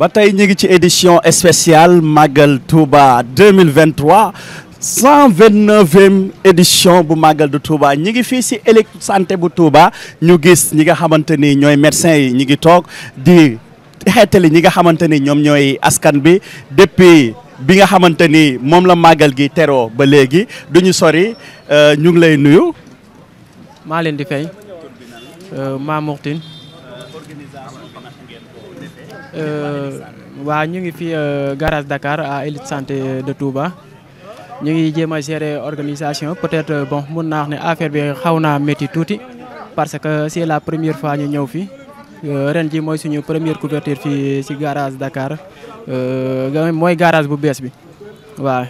Bataille, tey édition spéciale Magal Touba 2023 129e édition bu Magal de Touba ñi ngi fii si élec santé bu Touba nous gis ñi médecins yi ñi di xeetali ñi nga xamante ni ñoom ñooy askan bi depuis bi nga xamante ni moom la màggal gi tero ba léegi du ñu sori euh, ñu ngi lay nuyu. maa leen di fay euh, maa Mourtine. Euh, waa ñu ngi fi garage Dakar à Elite Santé de Touba. ñu ngi jéem a gérer organisation peut-être bon mun naa wax ne affaire bi xaw naa métti tuuti parce que c'est la première fois ñu ñëw fi Eh, ren ji moy suñu première couverture fi ci garage Dakar euh moy garage bu bes bi wa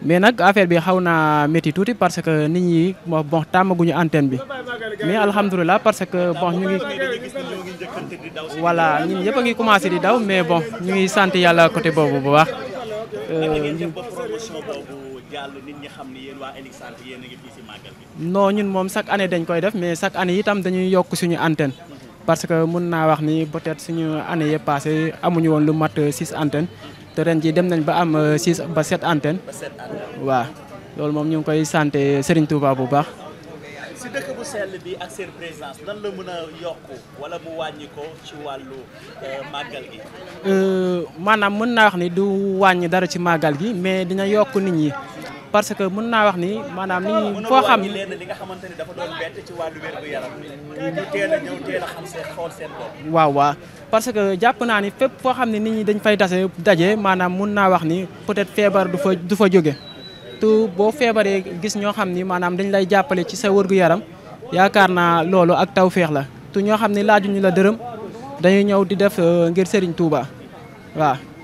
mais nak affaire bi xawna metti touti parce que nit ñi bon tamaguñu antenne bi mais alhamdoulillah parce que bon ñu ngi voilà ñun ñepp ngi commencé di daw mais bon ñu ngi sante yalla côté bobu bu baax. Euh, non ñun mom chaque année dañ koy def mais chaque année itam dañuy yok suñu antenne. parce que mun naa wax ni peut-être suñu année yëpp passé amuñu woon lu mat euh, six antennes te ren ji dem nañ ba am euh, six ba sept antennes waaw loolu moom ñu ngi koy santee Serigne Touba bu baax si dëkk bu sell bi ak seen présence lan la mën a yokk wala mu wàññi ko ci wàllu euh, màggal gi maanaam mën naa wax ni du wàññi dara ci màggal gi mais dina yokk nit ñi parce que mun naa wax ni maanaam ni foo xam. li nga ni dafa doon bett ci wàllu wér waaw waaw parce que jàpp naa ni fépp foo xam ne nit ñi dañ fay tase daje maanaam mun naa wax ni peut-être feebar du fa du fa jóge te boo feebaree gis ñoo xam ni maanaam dañ lay jàppale ci sa wér yaram yaakaar naa loolu ak tawféex la te ñoo xam ne laajuñu la dërëm dañuy ñëw di def euh, ngir Serigne Touba waaw.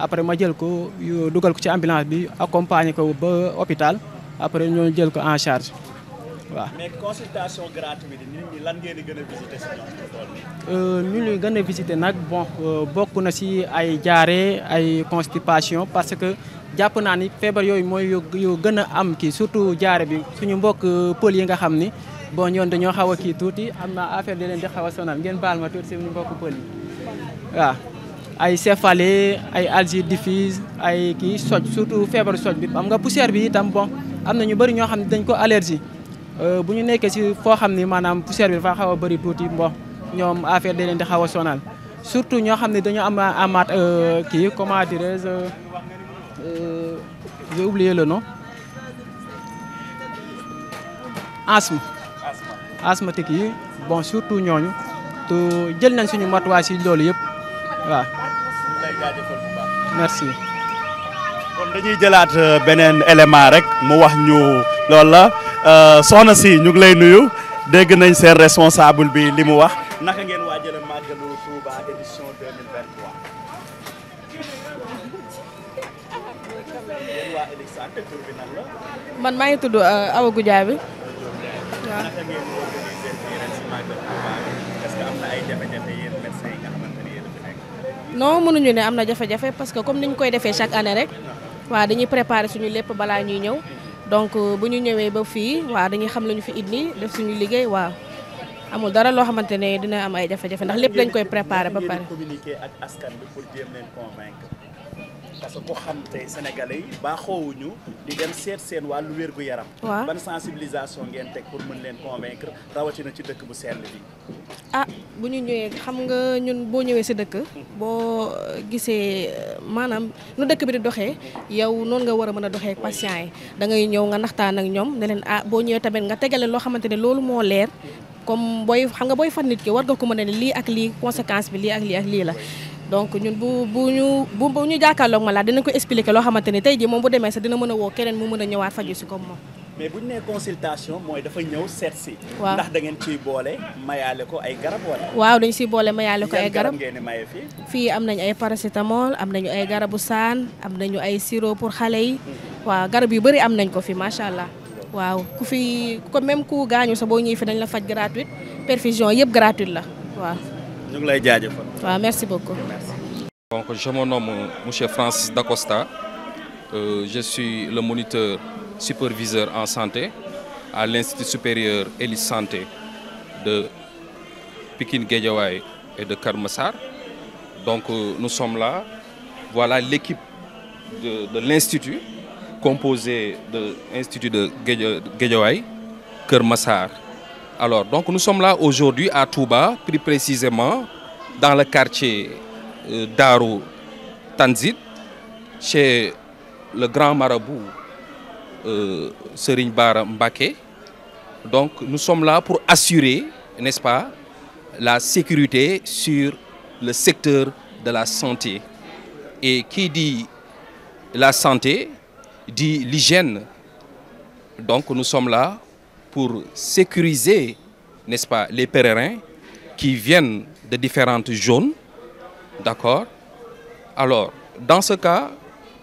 après ma jël ko yu duggal ko ci ambulance bi accompagner ko ba hôpital après ñoo jël ko en charge wa mais consultation gratuite ni ni lan ngeen di gën a visiter si euh ñu ñu gëna visiter nak bon euh, bokku na ci ay jaare ay constipation parce que japp na ni fièvre yoy moy yu gëna am ki surtout jaare bi suñu mbokk peul yi nga xamni bon ñoon dañu xawa ki kii amna affaire di leen di xawa sonal ngeen baal ma tuuti si mbokk peul yi wa ay céphalée ay algie diffuse ay kii soj surtout feebaru soj bi am nga poussière bi tam bon am na ñu bëri ñoo xam ne dañ ko allergie euh, bu ñu nekkee si foo xam ni maanaam poussière bi dafa xaw a bëri tuuti bon ñoom affaire day leen di xaw a sonal surtout ñoo xam ne dañoo am amaat euh, kii comment dirais-je euh, j'ai la no nom asthme asthmatique yi bon surtout ñooñu te jël nañ suñu matuwaay si loolu yëpp jaajëfal kon dañuy jëlaat euh, beneen élément rek mu wax ñu loolu la euh, si ñu ngi lay nuyu dégg nañ seen responsable bi li mu wax naka ngeen waajale màggalu Touba édition 2023. man maa ngi tudd euh, Awa Goudia bi. waaw non mënuñu ne am na jafe-jafe parce que comme ni koy defee chaque année rek waaw dañuy préparer suñu lépp balaa ñuy ñëw donc euh, bu ñu ñëwee ba fii waaw dañuy xam la ñu it indi def suñu liggéey waaw amul dara loo xamante ne dina am ay jafe-jafe ndax lépp dañ koy préparer ba pare. communiquer ak askan parce que ku xam tey sénégalais yi baaxoowuñu di dem seet seen wàllu wérgu yaram ban sensibilisation ngeen teg pour mën leen convaincre rawatina ci dëkk bu sell bi ah, bu ñu ñëwee xam nga ñun boo ñëwee si dëkk boo gisee maanaam nu dëkk bi di doxee yow noonu nga war a mën a doxee patient yi da ngay ñëw nga naxtaan ak ñoom ne leen ah boo ñëwee tamit nga tegale loo xamante ne loolu moo leer comme booy xam nga booy fat nit ki war nga ko mën a ne lii ak lii conséquence bi lii ak lii ak lii la donc ñun bu bu ñu bu bu ñu jàkkaarloog malade ko expliquer loo xamante ni tey jii moom bu demee sax dina mën a woo keneen mu mën a ñëwaat faju si comme moom. mais bu ñu nee consultation dafa ñëw seet si. waaw ndax da ngeen ciy boole mayaale ko ay waaw dañ siy boole mayaale ko ay garab ngeen maye fii. am nañu ay paracétamol am nañu ay garabu saan am nañu ay sirop pour xale yi. Mm-hmm. waaw garab yu bëri am nañ ko fi macha allah. waaw ku fi ko même ku gaañu sax boo ñëwee fi dañ la faj gratuite perfusion yëpp gratuite la waaw. merci beaucoup. donc je me nomme M. Francis Dacosta euh, je suis le moniteur superviseur en santé à l'institut supérieur Elis Santé de Pikine Guédiawaye et de Kermassar. donc euh, nous sommes là voilà l'équipe de l'institut composée de l'Institut de Guédiawaye Kermassar, alors, donc nous sommes là aujourd'hui à Touba, plus précisément dans le quartier euh, Darou Daru Tanzit, chez le grand marabout euh, Mbake. Donc nous sommes là pour assurer, n'est-ce pas, la sécurité sur le secteur de la santé. Et qui dit la santé dit l'hygiène. Donc nous sommes là pour sécuriser, n'est-ce pas, les pèlerins qui viennent de différentes zones, d'accord Alors, dans ce cas,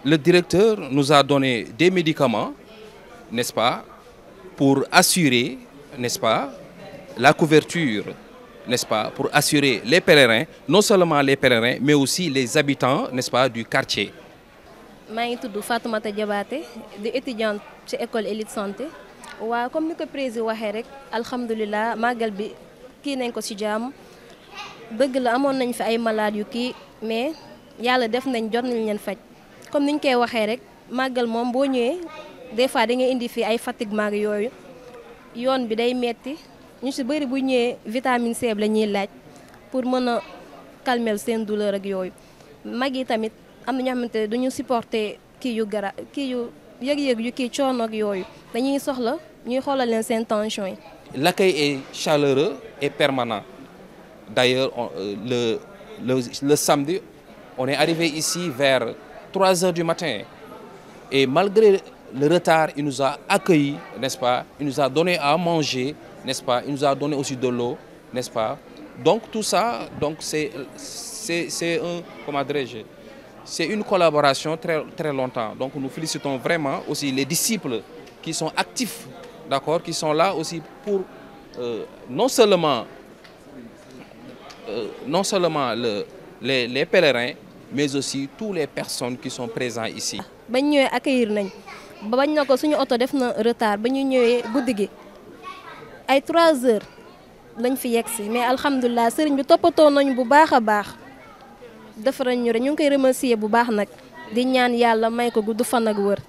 le directeur nous a donné des médicaments, n'est-ce pas, pour assurer, n'est-ce pas, la couverture, n'est-ce pas, pour assurer les pèlerins, non seulement les pèlerins, mais aussi les habitants, n'est-ce pas, du quartier. Je étudiante l'école Santé. waaw comme ni ko président waxee rek alhamdulilah màggal bi kii nañ ko ci jàmm dëgg la amoon nañ fi ay malaat yu kii mais yàlla def nañ jot nañ leen faj comme niñ koy waxee rek màggal moom boo ñëwee des fois da ngay indi fii ay fatigue mag yooyu yoon bi day metti ñu si bëri bu ñëwee vitamine C la ñuy laaj pour mën a calmer seen douleur ak yooyu mag yi tamit am na ñoo xamante ne duñu supporter kii yu gara kii yu yëg-yëg yu kii coono ak yooyu dañuy Nous l'accueil est chaleureux et permanent d'ailleurs euh, le le samedi on est arrivé ici vers 3 heures du matin et malgré le retard il nous a accueillis n'est-ce pas il nous a donné à manger n'est-ce pas il nous a donné aussi de l'eau n'est-ce pas donc tout ça c'est un une collaboration très très longtemps donc nous félicitons vraiment aussi les disciples qui sont actifs d'accord, qui sont là aussi pour euh, non seulement, euh, non seulement le, les, les, pèlerins, mais aussi toutes les personnes qui sont présentes ici. Nous avons accueilli notre auto en retard. Nous avons ay 3 heures lañ fi yegg si mais alhamdulilah sëriñ bi toppatoo nañu bu baax a baax defarañ ñu rek ñu ngi koy remercier bu baax nag di ñaan yàlla may ko gudd fan ak wër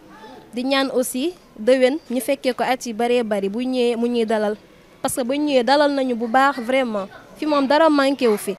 di ñaan aussi déwén ñu fekke ko at yi bari bëri bu ñewé mu ñi dalal parce que ba ñewé dalal nañu bu baax vraiment fi moom dara manké wu fi